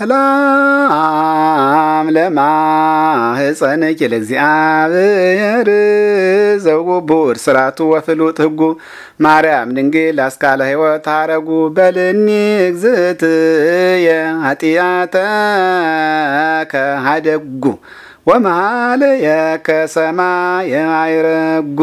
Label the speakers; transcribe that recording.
Speaker 1: ሰላም ለማህፀንኪ ለእግዚአብሔር ዘውቡር ስራቱ ወፍሉጥ ህጉ ማርያም ድንግል አስካለ ህይወት አረጉ በልኒ እግዝእትየ ኃጢአተ ከሃደጉ ወማለየ ከሰማየ አይረጉ